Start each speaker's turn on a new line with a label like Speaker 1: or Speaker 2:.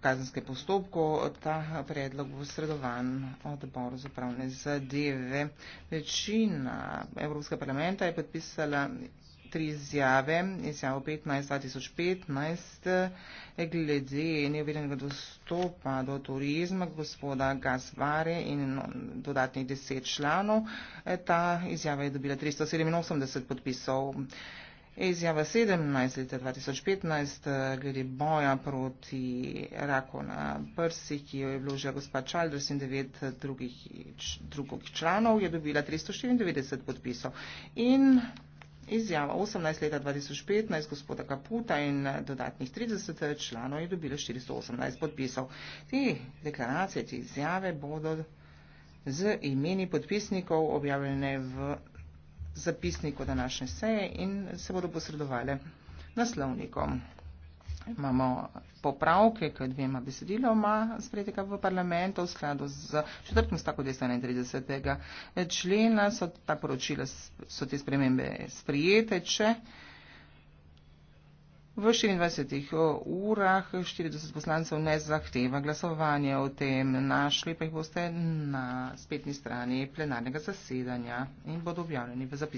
Speaker 1: kazenske postopko. Ta predlog bo sredovan odboru za pravne zadeve. Večina Evropske parlamenta je podpisala tri izjave, izjavo 15-2015, glede neuvedenega dostopa do turizma gospoda Gasvare in dodatnih deset članov. Ta izjava je dobila 387 podpisov. Izjava 17 leta 2015 eh, glede boja proti raku na prsih, ki jo je vložila gospa Čaldres in devet eh, drugih, drugih članov, je dobila 394 podpisov. In izjava 18 leta 2015 gospoda Kaputa in eh, dodatnih 30 članov je dobila 418 podpisov. Te deklaracije, te izjave bodo z imeni podpisnikov objavljene v zapisniku današnje seje in se bodo posredovali naslovnikom. Imamo popravke, ki dvema besediloma sprejetega v parlamentu v skladu z četrtim stakom 231. člena. So ta poročila, so te spremembe sprijete, če. V 24 eh, urah 40 poslancev ne zahteva glasovanje o tem, našli pa jih boste na spletni strani plenarnega zasedanja in bodo objavljeni v zapisih.